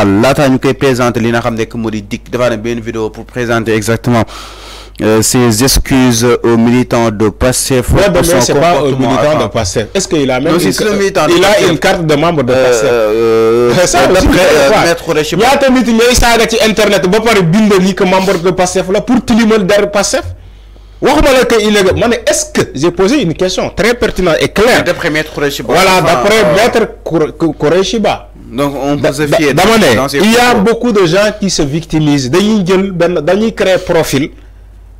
Fall laataa ñu koy présenter li nga xam nekk une vidéo pour présenter exactement euh, ses excuses aux militants de PASSEF. Ouais, mais c'est pas aux militants de PASSEF. Est-ce qu'il a même non, une, une, il a une carte de membre de PASSEF euh, euh, Ça, euh, d'après euh, Il y a des militants qui sont Internet. membre de PASSEF là pour tout le monde derrière PASSEF. Est-ce que j'ai posé une question très pertinente et claire D'après Maître Koreshiba. Voilà, d'après Maître Koreshiba donc on peut se fier il y a beaucoup de gens qui se victimisent dañuy jël un dañuy créer profil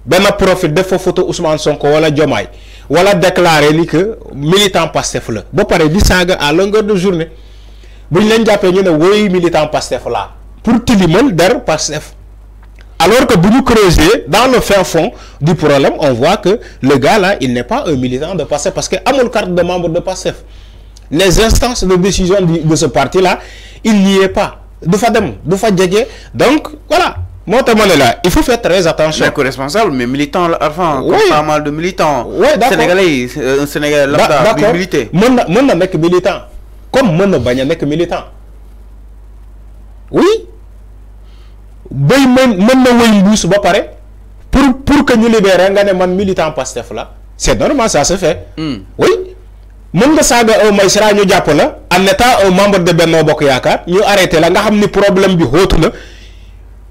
benn profil de photos photo Ousmane Sonko wala Ou wala déclarer ni que militant Pastef là. ba pare di ans à longueur de journée vous ont dit jàppee oui woy militant Pastef là. pour tilimal der Pastef alors que vous creusez dans le fin fond du problème on voit que le gars là il n'est pas un militant de Pastef parce que amul carte de membre de Pastef les instances de décision de, ce parti-là, il n'y est pas. Donc, voilà. là, il faut faire très attention. Les responsable mais militant avant, oui. pas mal de militants. Oui, Sénégalais, euh, Sénégalais, Moi, moi, Mon mec militant, comme je suis militant. Oui. Pour, pour que nous libérions un militant là, c'est normal, ça se fait. Hmm. Oui. mën nga saaga un magistrat ñu jàpp la en étant un membre de Benno Bokk Yaakaar ñu arrêté la nga xam ni problème bi xóotu na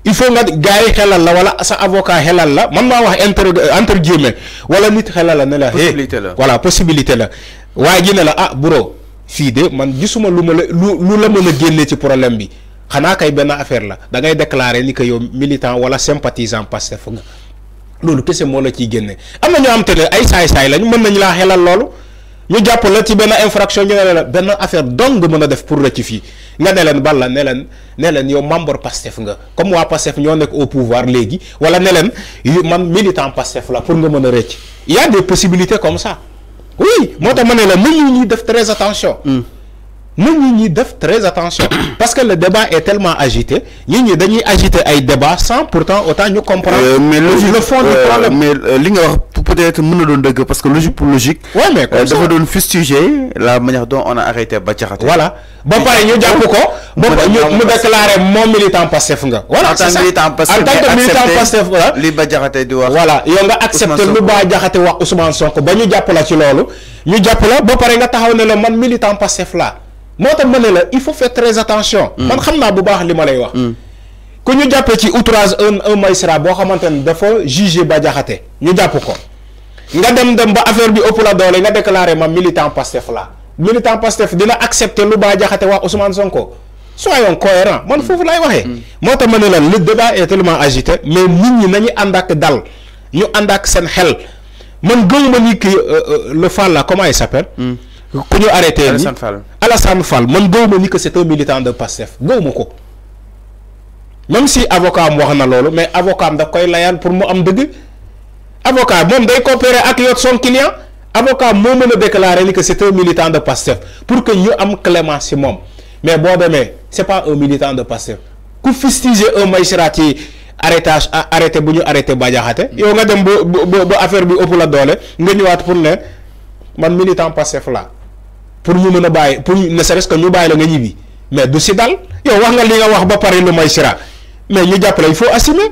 il faut nga gars yi xelal la wala sa avocat xelal la man naa wax entre euh, entre guillemets wala nit xelal la ne la. possibilité la voilà possibilité la. waaye ji ne la ah bro fii de man gisuma lu ma la lu lu la mën a génne ci problème bi xanaa kay benn affaire la da ngay déclarer ni ko yow militant wala sympathisant Pastef nga loolu kese moo la ciy génne am na ñoo am te ne ay saay-saay lañ mën nañ laa xelal loolu. ñu japp la ci ben infraction ñu ne la ben affaire dong nga def pour rectifier fii nga ne leen balla ne leen ne leen yow membre pastef nga comme wa pastef ñoo nek au pouvoir léegi wala ne leen man militant pastef la pour nga mën recc il y a des possibilités comme ça oui moi tax la ñu def très attention hmm. nous ñu def très attention parce que le débat est tellement agité ñi ñi dañuy agité ay débat sans pourtant autant ñu comprendre euh, mais le fond du problème euh, mais euh, li nga peut-être mën doon dëgg parce que logique pour logique. ouais mais euh, comme ça dafa doon fustiger la manière dont on a arrêté Bah Diakhaté. voilà ba pare ñu japp ko. ba pare ñu mu déclarer mon militant Pastef nga. voilà en tant que militant Pastef en tant que militant Pastef voilà. li Bah Diakhaté di wax. voilà yow nga accepter lu Bah Diakhaté wax Ousmane Sonko ba ñu japp la ci lolu ñu japp la ba pare nga taxaw ne le man militant Pastef la motam tax la il faut faire très attention. Mm. man xamna bu baax li ma lay wax. Mm. ku ñu jappé ci outrage un un magistrat boo xamantene dafa juger ba Diakhaté ñu japp ko nga dem dem ba affaire bi ëpp la doole nga déclaré ma militant Pastef la militant Pastef dina accepter lu ba jaxate wa Ousmane Sonko soyons cohérents man fofu lay waxee. Mm. moo tax ma le débat est tellement agité mais nit ñi nañu andak dal ñu andak sen xel man gëw ma ni que euh, euh, le Fall la comment il s'appelle. Mm. ku ñu arrêté. Alassane Fall Alassane Fall man ma ni que c'est un militant de Pastef gëw ko même si avocat am wax na mais avocat am daf koy layaan pour mu am dëgg avocat mom day coopérer ak yoot son client avocat moo meuna déclarer ni que c'est un militant de passeur pour que ñu am clémence mom mais bo démé c'est pas un militant de Pastef ku fustiger un magistrat ci arrêtage arrêté bu ñu arrêté Badiakhaté yow nga dem bo affaire bi la doole nga ñëwaat pour né man militant Pastef la pour ñu mën baye pour ne serait-ce que ñu baye la nga ñibi mais du si dal yow wax nga li nga wax ba paré le magistrat mais ñu jàppale il faut assumer.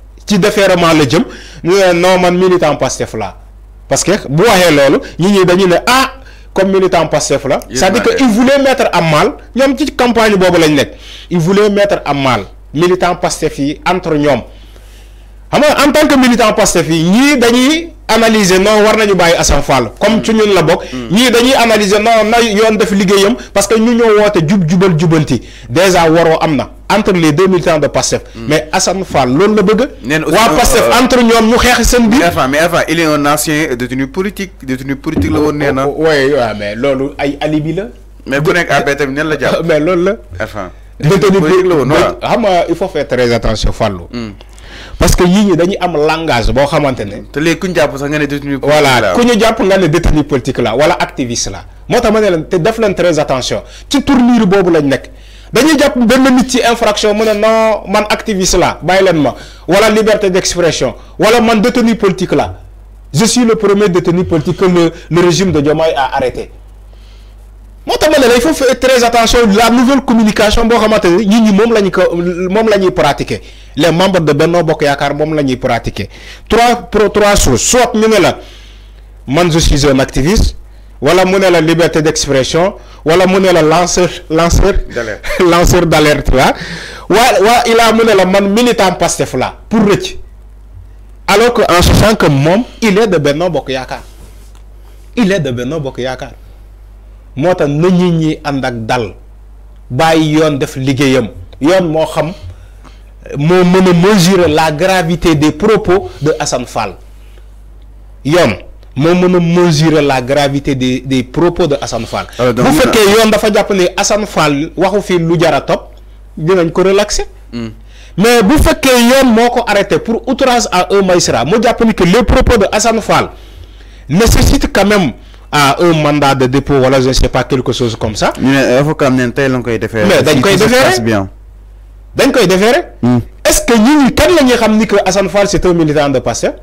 ci déférement la jëm ñu non man militant Pastef la parce que bu waxee lolu ñi ñi dañu ah comme militant Pastef la ça dit que il voulait mettre à mal ñom ci campagne de lañ nek il voulait mettre à mal militant Pastef yi entre ñom xam en tant que militant Pastef yi ñii dañuy analyser non war nañu à assam Fall comme ci ñun la bok, mm. ñi dañuy analyser non na yoon def liggéeyam parce que ñu ñoo wote jub jubal jubanti déjà waro amna entre les deux militants de PASTEF. Mm. mais Assane Fall loolu la bëgg. neen aussi waa PASTEF euh, entre nous nous xeex seen mais mais enfin il est un ancien détenu politique détenu politique la woon nee na. oui waaw mais loolu ay alibi la. mais bu nekk APR terminé la jàpp. mais loolu la. enfin détenu politique la il faut faire très attention Fallou. Mm. parce que yii ñi dañuy am langage boo xamante ne. te léegi ku sax nga détenu politique voilà ku ñu jàpp nga ne détenu politique la wala activiste la moo tax ma ne leen très attention ci tournure boobu lañ nekk dañuy jàpp ben nit ci infraction mu ne non man activiste la bay len ma wala liberté d'expression wala man détenu politique la je suis le premier détenu politique que le régime de Diomaye a arrêté moo tax il faut faire très attention la nouvelle communication bo xamante ñi ñi mom la ñu ko moom la pratiquer les membres de Benno Bokk Yaakaar mom lañuy pratiquer trois pro trois choses soit ñu ne la man je suis un activiste wala mon la liberté d'expression wala mon ne la lanceur lanceur lanceur d'alerte là. Voilà il a mon la man militant Pastef la pour rëcc alors que en sachant que mom il est de Benno Bokk il est de Benno Bokk Yaakaar moo tax na nit ñi ànd ak dal bàyyi yoon def liggéeyam yoon mo xam mo meuna mesurer la gravité des propos de Hassan Fall yoon moo mën mesurer la gravité des des propos de Assane Fall. Ah, bu fekkee ah. yoon dafa jàpp ne Assane Fall waxu fi lu jar top, topp dinañ ko relaxer. Hmm. mais bu que yoon moo ko arrêté pour outrage à un magistrat mu jàpp ni que les propos de Assane Fall nécessitent quand même à un mandat de dépôt voilà je ne sais pas quelque chose comme ça. ñu ne avocat am nañ tey lañ koy defee. mais dañ koy defeere dañ koy defeere hmm. est-ce que ñun kan la xam ni que Assane Fall c'est un militant de Pastef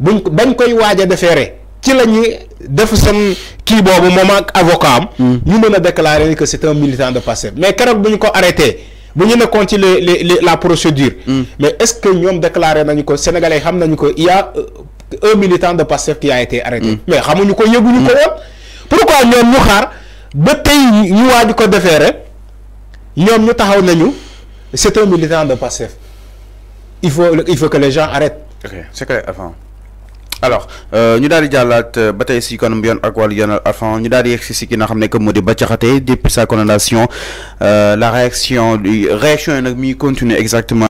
buñ bañ koy waaj a ci la ñuy def seen kii boobu moom ak avocat am. Hmm. ñu mën a déclaré que c'est un militant de passeur. mais keroog bu ñu ko arrêté bu ñu nekkoon ci les la procédure. Hmm. mais est-ce que ñoom déclaré nañu ko sénégalais xam nañu ko il y a euh, un militant de passeur qui a été arrêté. Hmm. mais xamuñu ko yëguñu ko woon. pourquoi ñoom ñu xaar ba tey ñu waaj ko defeere ñoom ñu taxaw nañu c'est un militant de passeur. il faut il faut que les gens arrêtent. ok c'est que avant alors euh, ñu daal di jàllaat euh, ba si kanam yoon ak wal yoonal avant ñu daal di yegsi si ki nga xamne que moo di depuis sa condamnation euh, la réaction réaction yi mi continuer exactement